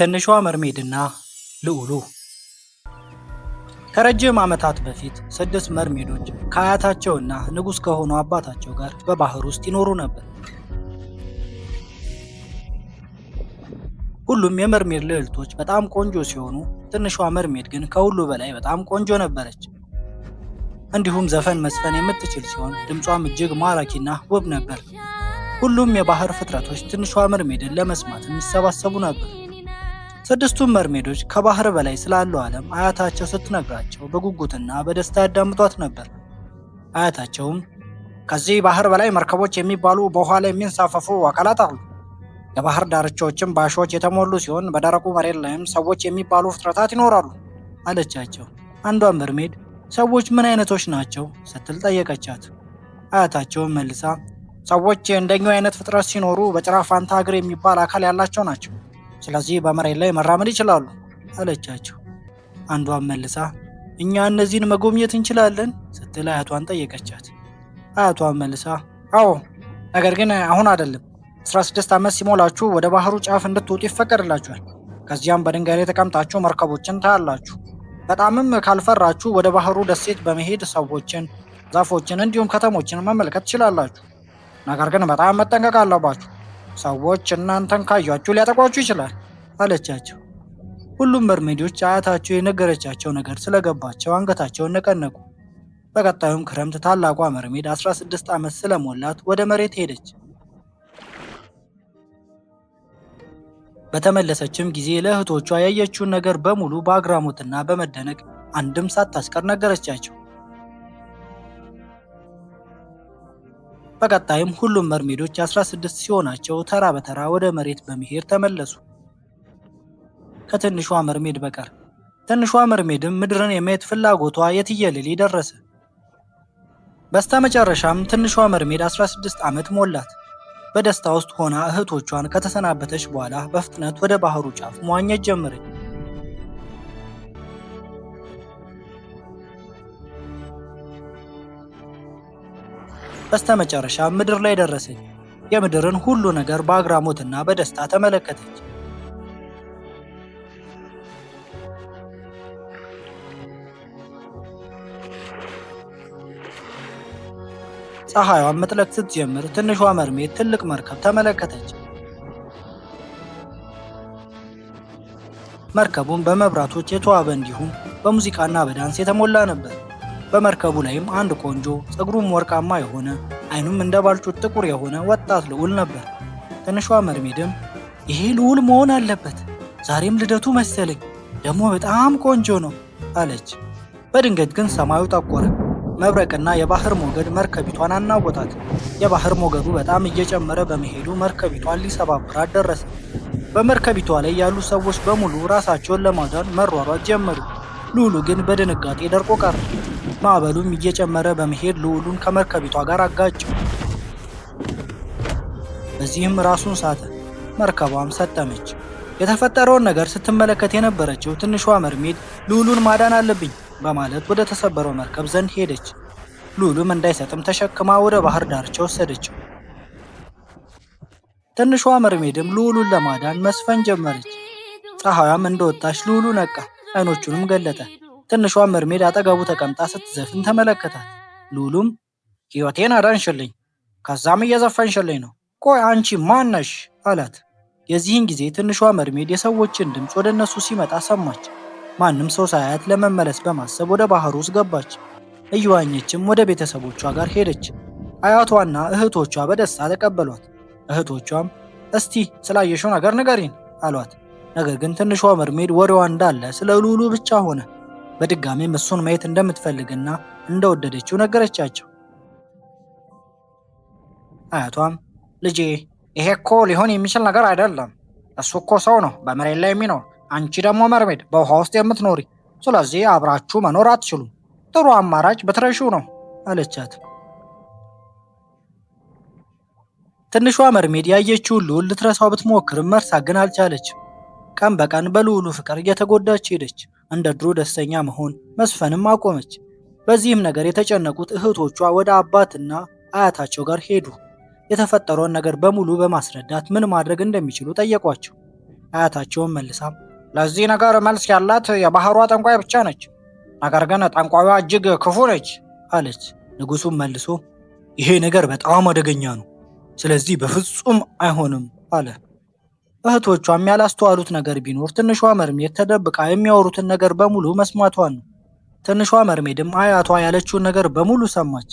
ትንሿ መርሜድና ልዑሉ ከረጅም ዓመታት በፊት ስድስት መርሜዶች ከአያታቸውና ንጉሥ ከሆኑ አባታቸው ጋር በባህር ውስጥ ይኖሩ ነበር። ሁሉም የመርሜድ ልዕልቶች በጣም ቆንጆ ሲሆኑ፣ ትንሿ መርሜድ ግን ከሁሉ በላይ በጣም ቆንጆ ነበረች። እንዲሁም ዘፈን መዝፈን የምትችል ሲሆን ድምጿም እጅግ ማራኪና ውብ ነበር። ሁሉም የባህር ፍጥረቶች ትንሿ መርሜድን ለመስማት የሚሰባሰቡ ነበር። ስድስቱን መርሜዶች ከባህር በላይ ስላለው ዓለም አያታቸው ስትነግራቸው በጉጉትና በደስታ ያዳምጧት ነበር። አያታቸውም ከዚህ ባህር በላይ መርከቦች የሚባሉ በውኃ ላይ የሚንሳፈፉ አካላት አሉ። የባህር ዳርቻዎችም በአሸዎች የተሞሉ ሲሆን በደረቁ መሬት ላይም ሰዎች የሚባሉ ፍጥረታት ይኖራሉ አለቻቸው። አንዷን መርሜድ ሰዎች ምን አይነቶች ናቸው ስትል ጠየቀቻት። አያታቸውም መልሳ ሰዎች እንደኛው አይነት ፍጥረት ሲኖሩ በጭራ ፋንታ እግር የሚባል አካል ያላቸው ናቸው ስለዚህ በመሬት ላይ መራመድ ይችላሉ አለቻቸው። አንዷን መልሳ እኛ እነዚህን መጎብኘት እንችላለን ስትል አያቷን ጠየቀቻት። አያቷን መልሳ አዎ፣ ነገር ግን አሁን አይደለም። 16 ዓመት ሲሞላችሁ ወደ ባህሩ ጫፍ እንድትወጡ ይፈቀድላችኋል። ከዚያም በድንጋይ ላይ ተቀምጣችሁ መርከቦችን ታያላችሁ። በጣምም ካልፈራችሁ ወደ ባህሩ ደሴት በመሄድ ሰዎችን፣ ዛፎችን እንዲሁም ከተሞችን መመልከት ትችላላችሁ። ነገር ግን በጣም መጠንቀቅ አለባችሁ። ሰዎች እናንተን ካዩአችሁ ሊያጠቋችሁ ይችላል አለቻቸው። ሁሉም መርሜዶች አያታቸው የነገረቻቸው ነገር ስለገባቸው አንገታቸውን ነቀነቁ። በቀጣዩም ክረምት ታላቋ መርሜድ 16 ዓመት ስለሞላት ወደ መሬት ሄደች። በተመለሰችም ጊዜ ለእህቶቿ ያየችውን ነገር በሙሉ በአግራሞትና በመደነቅ አንድም ሳታስቀር ነገረቻቸው። በቀጣይም ሁሉም መርሜዶች 16 ሲሆናቸው ተራ በተራ ወደ መሬት በመሄድ ተመለሱ፣ ከትንሿ መርሜድ በቀር። ትንሿ መርሜድም ምድርን የማየት ፍላጎቷ የትየለሌ ደረሰ። በስተመጨረሻም ትንሿ መርሜድ 16 ዓመት ሞላት። በደስታ ውስጥ ሆና እህቶቿን ከተሰናበተች በኋላ በፍጥነት ወደ ባህሩ ጫፍ መዋኘት ጀመረች። በስተመጨረሻ ምድር ላይ ደረሰች። የምድርን ሁሉ ነገር በአግራሞትና በደስታ ተመለከተች። ፀሐይዋን መጥለቅ ስትጀምር ትንሿ መርሜት ትልቅ መርከብ ተመለከተች። መርከቡን በመብራቶች የተዋበ እንዲሁም በሙዚቃና በዳንስ የተሞላ ነበር። በመርከቡ ላይም አንድ ቆንጆ ፀጉሩም ወርቃማ የሆነ አይኑም እንደ ባልጩት ጥቁር የሆነ ወጣት ልዑል ነበር። ትንሿ መርሜድም ይሄ ልዑል መሆን አለበት፣ ዛሬም ልደቱ መሰለኝ፣ ደግሞ በጣም ቆንጆ ነው አለች። በድንገት ግን ሰማዩ ጠቆረ። መብረቅና የባህር ሞገድ መርከቢቷን አናወጣት። የባህር ሞገዱ በጣም እየጨመረ በመሄዱ መርከቢቷን ሊሰባብራት ደረሰ። በመርከቢቷ ላይ ያሉ ሰዎች በሙሉ ራሳቸውን ለማዳን መሯሯት ጀመሩ። ሉሉ ግን በድንጋጤ ደርቆ ቀረ። ማዕበሉም እየጨመረ በመሄድ ልዑሉን ከመርከቢቷ ጋር አጋጨው። በዚህም ራሱን ሳተ። መርከቧም ሰጠመች። የተፈጠረውን ነገር ስትመለከት የነበረችው ትንሿ መርሜድ ልዑሉን ማዳን አለብኝ በማለት ወደ ተሰበረው መርከብ ዘንድ ሄደች። ልዑሉም እንዳይሰጥም ተሸክማ ወደ ባህር ዳርቻ ወሰደችው። ትንሿ መርሜድም ልዑሉን ለማዳን መስፈን ጀመረች። ፀሐዩም እንደወጣች ልዑሉ ነቃ፣ አይኖቹንም ገለጠ። ትንሿ መርሜድ አጠገቡ ተቀምጣ ስትዘፍን ተመለከታት። ሉሉም ሕይወቴን አዳንሽልኝ፣ ከዛም እየዘፈንሽልኝ ነው። ቆይ አንቺ ማን ነሽ? አላት። የዚህን ጊዜ ትንሿ መርሜድ የሰዎችን ድምፅ ወደ እነሱ ሲመጣ ሰማች። ማንም ሰው ሳያት ለመመለስ በማሰብ ወደ ባህሩ ውስጥ ገባች። እየዋኘችም ወደ ቤተሰቦቿ ጋር ሄደች። አያቷና እህቶቿ በደስታ ተቀበሏት። እህቶቿም እስቲ ስላየሽው ነገር ንገሪን አሏት። ነገር ግን ትንሿ መርሜድ ወሬዋ እንዳለ ስለ ሉሉ ብቻ ሆነ። በድጋሜም እሱን ማየት እንደምትፈልግና እንደወደደችው ነገረቻቸው። አያቷም ልጄ፣ ይሄ እኮ ሊሆን የሚችል ነገር አይደለም። እሱ እኮ ሰው ነው በመሬት ላይ የሚኖር፣ አንቺ ደግሞ መርሜድ በውሃ ውስጥ የምትኖሪ፣ ስለዚህ አብራችሁ መኖር አትችሉም። ጥሩ አማራጭ ብትረሹ ነው አለቻት። ትንሿ መርሜድ ያየችውን ልዑል ልትረሳው ብትሞክርም መርሳ ግን አልቻለች። ቀን በቀን በልዑሉ ፍቅር እየተጎዳች ሄደች። እንደ ድሮ ደስተኛ መሆን መስፈንም አቆመች። በዚህም ነገር የተጨነቁት እህቶቿ ወደ አባትና አያታቸው ጋር ሄዱ። የተፈጠረውን ነገር በሙሉ በማስረዳት ምን ማድረግ እንደሚችሉ ጠየቋቸው። አያታቸውን መልሳም ለዚህ ነገር መልስ ያላት የባህሯ ጠንቋይ ብቻ ነች፣ ነገር ግን ጠንቋዩዋ እጅግ ክፉ ነች አለች። ንጉሱም መልሶ ይሄ ነገር በጣም አደገኛ ነው፣ ስለዚህ በፍጹም አይሆንም አለ። እህቶቿም ያላስተዋሉት ነገር ቢኖር ትንሿ መርሜድ ተደብቃ የሚያወሩትን ነገር በሙሉ መስማቷን ነው። ትንሿ መርሜድም አያቷ ያለችውን ነገር በሙሉ ሰማች።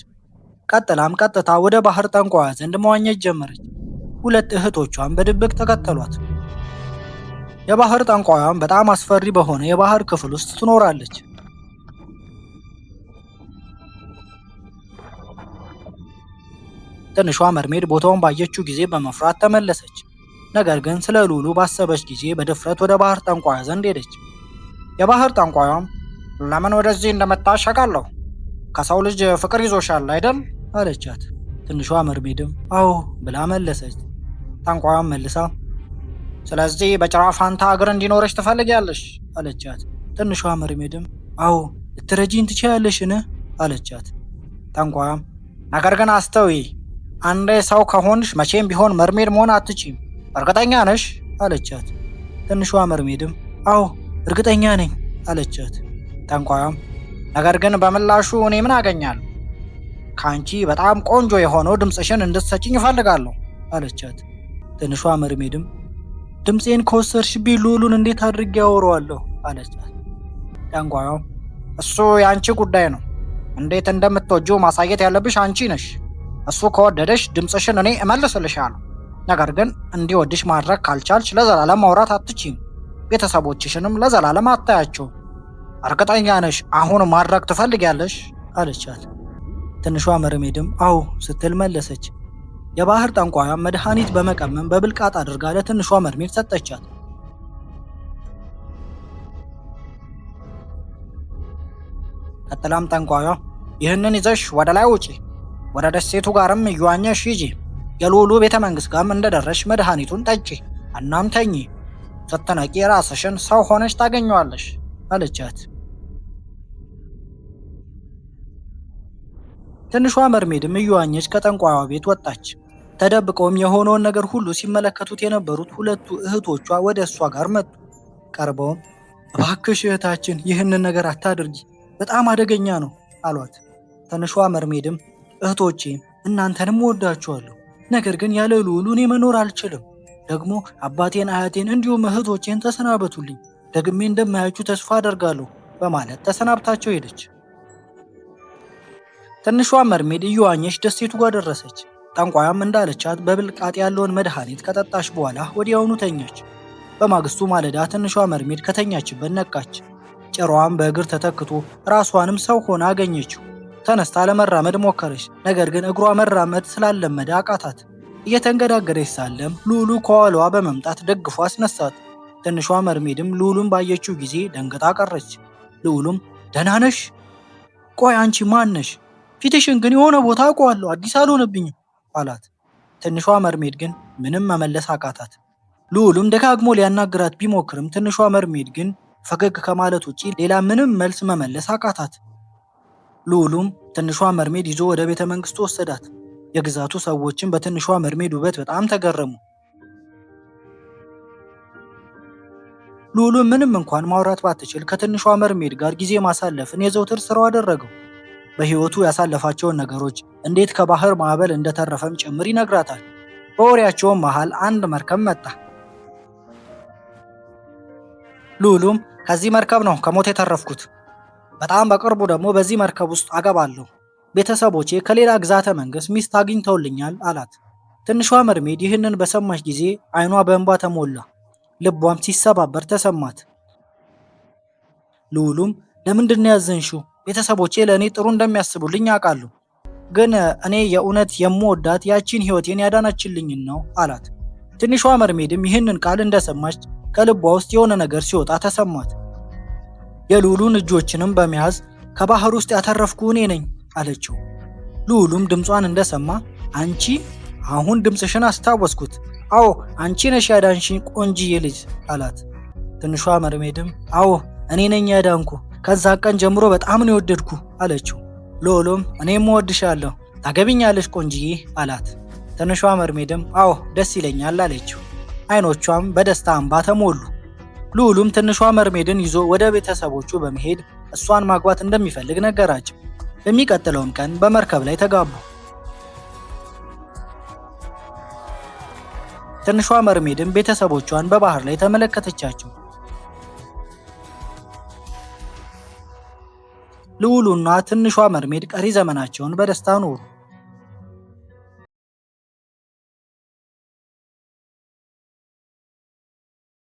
ቀጥላም ቀጥታ ወደ ባህር ጠንቋዋ ዘንድ መዋኘት ጀመረች። ሁለት እህቶቿም በድብቅ ተከተሏት። የባህር ጠንቋያም በጣም አስፈሪ በሆነ የባህር ክፍል ውስጥ ትኖራለች። ትንሿ መርሜድ ቦታውን ባየችው ጊዜ በመፍራት ተመለሰች። ነገር ግን ስለ ሉሉ ባሰበች ጊዜ በድፍረት ወደ ባህር ጠንቋያ ዘንድ ሄደች። የባህር ጠንቋያም ለምን ወደዚህ እንደመጣሽ አውቃለሁ፣ ከሰው ልጅ ፍቅር ይዞሻል አይደል አለቻት። ትንሿ መርሜድም አዎ ብላ መለሰች። ጠንቋያም መልሳ ስለዚህ በጭራ ፋንታ እግር እንዲኖረች ትፈልጊያለሽ አለቻት። ትንሿ መርሜድም አዎ ልትረጂን ትችያለሽን አለቻት። ጠንቋያም ነገር ግን አስተውይ፣ አንዴ ሰው ከሆንሽ መቼም ቢሆን መርሜድ መሆን አትችም እርግጠኛ ነሽ አለቻት። ትንሿ መርሜድም አዎ እርግጠኛ ነኝ አለቻት። ጠንቋዩም ነገር ግን በምላሹ እኔ ምን አገኛለሁ? ከአንቺ በጣም ቆንጆ የሆነው ድምፅሽን እንድትሰጭኝ እፈልጋለሁ አለቻት። ትንሿ መርሜድም ድምፄን ከወሰድሽ ቢሉሉን እንዴት አድርጌ ያወረዋለሁ አለቻት። ጠንቋዩም እሱ የአንቺ ጉዳይ ነው። እንዴት እንደምትወጁ ማሳየት ያለብሽ አንቺ ነሽ። እሱ ከወደደሽ ድምፅሽን እኔ እመልስልሻለሁ ነገር ግን እንዲወድሽ ማድረግ ካልቻልሽ ለዘላለም ማውራት አትችም። ቤተሰቦችሽንም ለዘላለም አታያቸው። እርግጠኛ ነሽ አሁን ማድረግ ትፈልጊያለሽ? አለቻት። ትንሿ መርሜድም አዎ ስትል መለሰች። የባህር ጠንቋያ መድኃኒት በመቀመም በብልቃጥ አድርጋ ለትንሿ መርሜድ ሰጠቻት። ቀጥላም ጠንቋያ ይህንን ይዘሽ ወደ ላይ ውጪ፣ ወደ ደሴቱ ጋርም እየዋኘሽ ሂጂ የልዑሉ ቤተ መንግሥት ጋም እንደደረሽ መድኃኒቱን ጠጪ፣ እናም ተኚ። ስትነቂ ራስሽን ሰው ሆነች ታገኘዋለሽ አለቻት። ትንሿ መርሜድም እየዋኘች ከጠንቋዋ ቤት ወጣች። ተደብቀውም የሆነውን ነገር ሁሉ ሲመለከቱት የነበሩት ሁለቱ እህቶቿ ወደ እሷ ጋር መጡ። ቀርበውም እባክሽ እህታችን ይህንን ነገር አታድርጊ፣ በጣም አደገኛ ነው አሏት። ትንሿ መርሜድም እህቶቼ እናንተንም ወዳችኋለሁ ነገር ግን ያለ ልዑሉ እኔ መኖር አልችልም። ደግሞ አባቴን፣ አያቴን እንዲሁም እህቶቼን ተሰናበቱልኝ። ደግሜ እንደማያችሁ ተስፋ አደርጋለሁ በማለት ተሰናብታቸው ሄደች። ትንሿ መርሜድ እየዋኘች ደሴቱ ጋር ደረሰች። ጠንቋያም እንዳለቻት በብልቃጥ ያለውን መድኃኒት ከጠጣች በኋላ ወዲያውኑ ተኛች። በማግስቱ ማለዳ ትንሿ መርሜድ ከተኛችበት ነቃች። ጭራዋም በእግር ተተክቶ ራሷንም ሰው ሆና አገኘችው። ተነስታ ለመራመድ ሞከረች። ነገር ግን እግሯ መራመድ ስላለመደ አቃታት። እየተንገዳገደች ሳለም ሉሉ ከኋላዋ በመምጣት ደግፎ አስነሳት። ትንሿ መርሜድም ሉሉን ባየችው ጊዜ ደንግጣ ቀረች። ሉሉም ደህና ነሽ? ቆይ አንቺ ማን ነሽ? ፊትሽን ግን የሆነ ቦታ አውቀዋለሁ፣ አዲስ አልሆነብኝም አላት። ትንሿ መርሜድ ግን ምንም መመለስ አቃታት። ሉሉም ደጋግሞ ሊያናግራት ቢሞክርም ትንሿ መርሜድ ግን ፈገግ ከማለት ውጪ ሌላ ምንም መልስ መመለስ አቃታት። ልዑሉም ትንሿ መርሜድ ይዞ ወደ ቤተ መንግስቱ ወሰዳት። የግዛቱ ሰዎችም በትንሿ መርሜድ ውበት በጣም ተገረሙ። ሉሉም ምንም እንኳን ማውራት ባትችል ከትንሿ መርሜድ ጋር ጊዜ ማሳለፍን የዘውትር ስራው አደረገው። በሕይወቱ ያሳለፋቸውን ነገሮች እንዴት ከባህር ማዕበል እንደተረፈም ጭምር ይነግራታል። በወሬያቸውም መሃል አንድ መርከብ መጣ። ልዑሉም ከዚህ መርከብ ነው ከሞት የተረፍኩት በጣም በቅርቡ ደግሞ በዚህ መርከብ ውስጥ አገባለሁ። ቤተሰቦቼ ከሌላ ግዛተ መንግስት ሚስት አግኝተውልኛል አላት። ትንሿ መርሜድ ይህንን በሰማች ጊዜ አይኗ በእንባ ተሞላ፣ ልቧም ሲሰባበር ተሰማት። ልዑሉም ለምንድን ያዘንሹ? ቤተሰቦቼ ለእኔ ጥሩ እንደሚያስቡልኝ አውቃለሁ፣ ግን እኔ የእውነት የምወዳት ያቺን ህይወቴን ያዳናችልኝን ነው አላት። ትንሿ መርሜድም ይህንን ቃል እንደሰማች ከልቧ ውስጥ የሆነ ነገር ሲወጣ ተሰማት። የልዑሉን እጆችንም በመያዝ ከባህር ውስጥ ያተረፍኩ እኔ ነኝ አለችው። ልዑሉም ድምጿን እንደሰማ አንቺ አሁን ድምፅሽን አስታወስኩት፣ አዎ አንቺ ነሽ ያዳንሽኝ ቆንጅዬ ልጅ አላት። ትንሿ መርሜድም አዎ እኔ ነኝ ያዳንኩ፣ ከዛ ቀን ጀምሮ በጣም ነው የወደድኩ አለችው። ልዑሉም እኔም እወድሻለሁ፣ ታገቢኛለሽ ቆንጅዬ አላት። ትንሿ መርሜድም አዎ ደስ ይለኛል አለችው። አይኖቿም በደስታ እንባ ተሞሉ። ልዑሉም ትንሿ መርሜድን ይዞ ወደ ቤተሰቦቹ በመሄድ እሷን ማግባት እንደሚፈልግ ነገራቸው። በሚቀጥለውም ቀን በመርከብ ላይ ተጋቡ። ትንሿ መርሜድን ቤተሰቦቿን በባህር ላይ ተመለከተቻቸው። ልዑሉና ትንሿ መርሜድ ቀሪ ዘመናቸውን በደስታ ኖሩ።